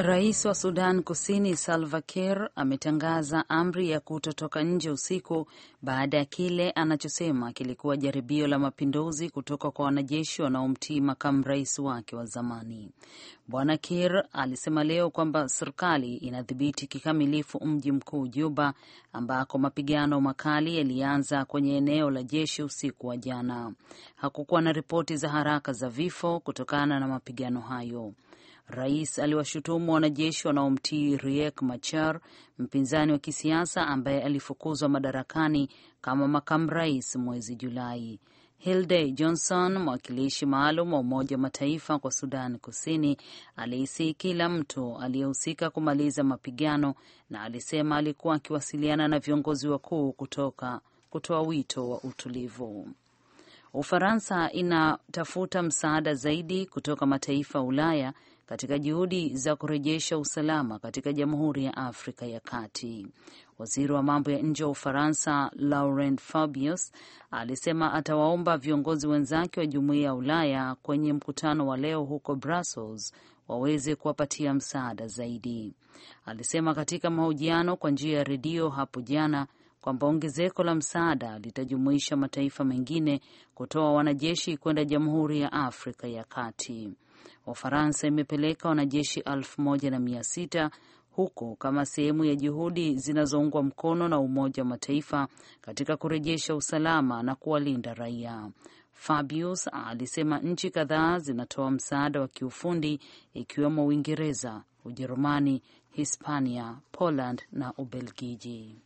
Rais wa Sudan Kusini Salva Kiir ametangaza amri ya kutotoka nje usiku baada ya kile anachosema kilikuwa jaribio la mapinduzi kutoka kwa wanajeshi wanaomtii makamu rais wake wa zamani. Bwana Kiir alisema leo kwamba serikali inadhibiti kikamilifu mji mkuu Juba, ambako mapigano makali yalianza kwenye eneo la jeshi usiku wa jana. Hakukuwa na ripoti za haraka za vifo kutokana na mapigano hayo. Rais aliwashutumu wanajeshi wanaomtii Riek Machar, mpinzani wa kisiasa ambaye alifukuzwa madarakani kama makamu rais mwezi Julai. Hilde Johnson, mwakilishi maalum wa Umoja wa Mataifa kwa Sudan Kusini, alihisi kila mtu aliyehusika kumaliza mapigano na alisema alikuwa akiwasiliana na viongozi wakuu kutoka kutoa wito wa utulivu. Ufaransa inatafuta msaada zaidi kutoka mataifa ya Ulaya katika juhudi za kurejesha usalama katika Jamhuri ya Afrika ya Kati. Waziri wa mambo ya nje wa Ufaransa Laurent Fabius alisema atawaomba viongozi wenzake wa Jumuiya ya Ulaya kwenye mkutano wa leo huko Brussels waweze kuwapatia msaada zaidi. Alisema katika mahojiano kwa njia ya redio hapo jana kwamba ongezeko la msaada litajumuisha mataifa mengine kutoa wanajeshi kwenda Jamhuri ya Afrika ya Kati. Ufaransa imepeleka wanajeshi elfu moja na mia sita huko kama sehemu ya juhudi zinazoungwa mkono na Umoja wa Mataifa katika kurejesha usalama na kuwalinda raia. Fabius alisema nchi kadhaa zinatoa msaada wa kiufundi ikiwemo Uingereza, Ujerumani, Hispania, Poland na Ubelgiji.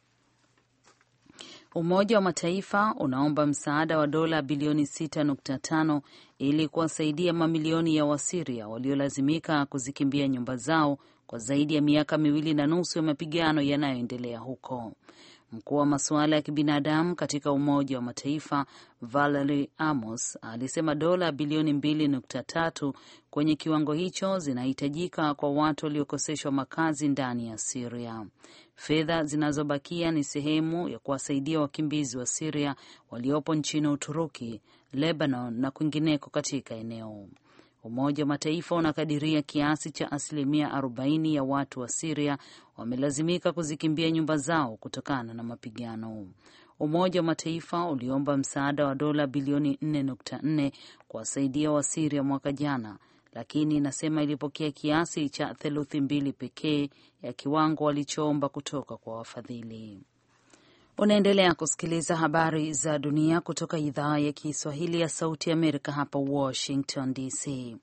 Umoja wa Mataifa unaomba msaada wa dola bilioni 6.5 ili kuwasaidia mamilioni ya Wasiria waliolazimika kuzikimbia nyumba zao kwa zaidi ya miaka miwili na nusu ya mapigano yanayoendelea huko. Mkuu wa masuala ya kibinadamu katika Umoja wa Mataifa Valerie Amos alisema dola bilioni 2.3 kwenye kiwango hicho zinahitajika kwa watu waliokoseshwa makazi ndani ya Siria. Fedha zinazobakia ni sehemu ya kuwasaidia wakimbizi wa Siria waliopo nchini Uturuki, Lebanon na kwingineko katika eneo Umoja wa Mataifa unakadiria kiasi cha asilimia 40 ya watu wa Siria wamelazimika kuzikimbia nyumba zao kutokana na mapigano. Umoja wa Mataifa uliomba msaada wa dola bilioni 4.4 kuwasaidia siria mwaka jana, lakini inasema ilipokea kiasi cha theluthi mbili pekee ya kiwango walichoomba kutoka kwa wafadhili. Unaendelea kusikiliza habari za dunia kutoka idhaa ya Kiswahili ya Sauti ya Amerika, hapa Washington DC.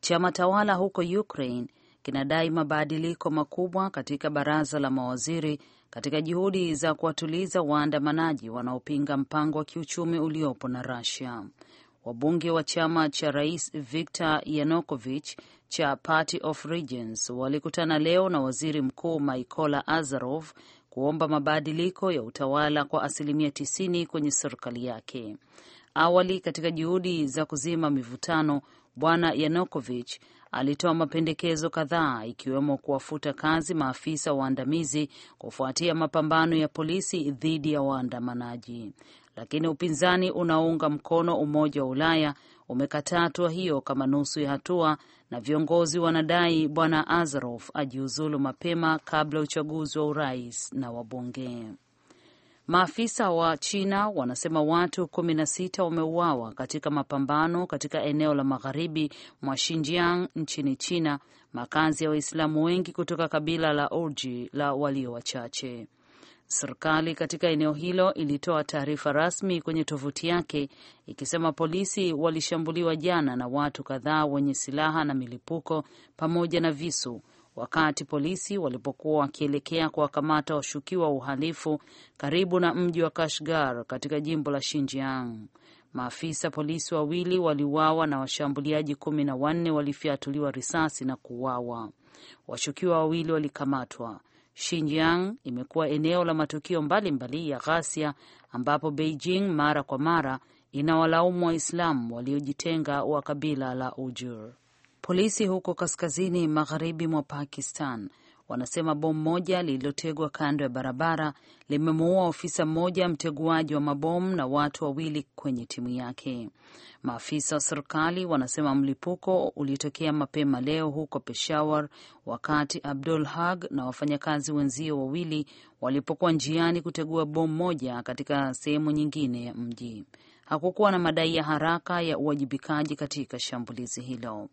Chama tawala huko Ukraine kinadai mabadiliko makubwa katika baraza la mawaziri katika juhudi za kuwatuliza waandamanaji wanaopinga mpango wa kiuchumi uliopo na Russia. Wabunge wa chama cha rais Viktor Yanukovych cha Party of Regions walikutana leo na waziri mkuu Mykola Azarov kuomba mabadiliko ya utawala kwa asilimia 90 kwenye serikali yake. Awali, katika juhudi za kuzima mivutano, Bwana Yanukovych alitoa mapendekezo kadhaa ikiwemo kuwafuta kazi maafisa waandamizi kufuatia mapambano ya polisi dhidi ya waandamanaji lakini upinzani unaounga mkono Umoja wa Ulaya umekataa hatua hiyo kama nusu ya hatua, na viongozi wanadai Bwana Azarof ajiuzulu mapema kabla ya uchaguzi wa urais na wabunge. Maafisa wa China wanasema watu kumi na sita wameuawa katika mapambano katika eneo la magharibi mwa Xinjiang nchini China, makazi ya Waislamu wengi kutoka kabila la urji la walio wachache. Serikali katika eneo hilo ilitoa taarifa rasmi kwenye tovuti yake ikisema polisi walishambuliwa jana na watu kadhaa wenye silaha na milipuko pamoja na visu wakati polisi walipokuwa wakielekea kuwakamata washukiwa wa uhalifu karibu na mji wa Kashgar katika jimbo la Shinjiang. Maafisa polisi wawili waliuawa na washambuliaji kumi na wanne walifyatuliwa risasi na kuuawa. Washukiwa wawili walikamatwa. Xinjiang imekuwa eneo la matukio mbalimbali mbali ya ghasia ambapo Beijing mara kwa mara inawalaumu Waislamu waliojitenga wa kabila la Ujur. Polisi huko kaskazini magharibi mwa Pakistan wanasema bomu moja lililotegwa kando ya barabara limemuua ofisa mmoja mteguaji wa mabomu na watu wawili kwenye timu yake. Maafisa wa serikali wanasema mlipuko ulitokea mapema leo huko Peshawar wakati Abdul hag na wafanyakazi wenzio wawili walipokuwa njiani kutegua bomu moja katika sehemu nyingine ya mji hakukuwa na madai ya haraka ya uwajibikaji katika shambulizi hilo.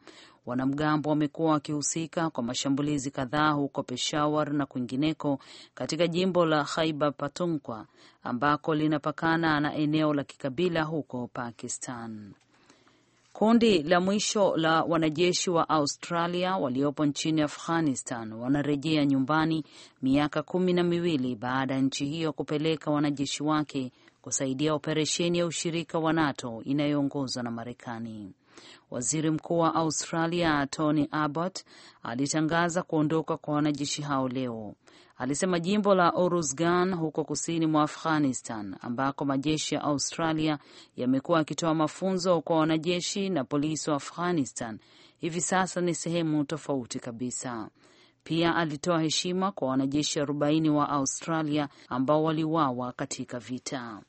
Wanamgambo wamekuwa wakihusika kwa mashambulizi kadhaa huko Peshawar na kwingineko katika jimbo la Khyber Pakhtunkhwa ambako linapakana na eneo la kikabila huko Pakistan. Kundi la mwisho la wanajeshi wa Australia waliopo nchini Afghanistan wanarejea nyumbani miaka kumi na miwili baada ya nchi hiyo kupeleka wanajeshi wake kusaidia operesheni ya ushirika wa NATO inayoongozwa na Marekani. Waziri Mkuu wa Australia Tony Abbott alitangaza kuondoka kwa wanajeshi hao leo. Alisema jimbo la Oruzgan huko kusini mwa Afghanistan, ambako majeshi ya Australia yamekuwa yakitoa mafunzo kwa wanajeshi na polisi wa Afghanistan, hivi sasa ni sehemu tofauti kabisa. Pia alitoa heshima kwa wanajeshi 40 wa Australia ambao waliwawa katika vita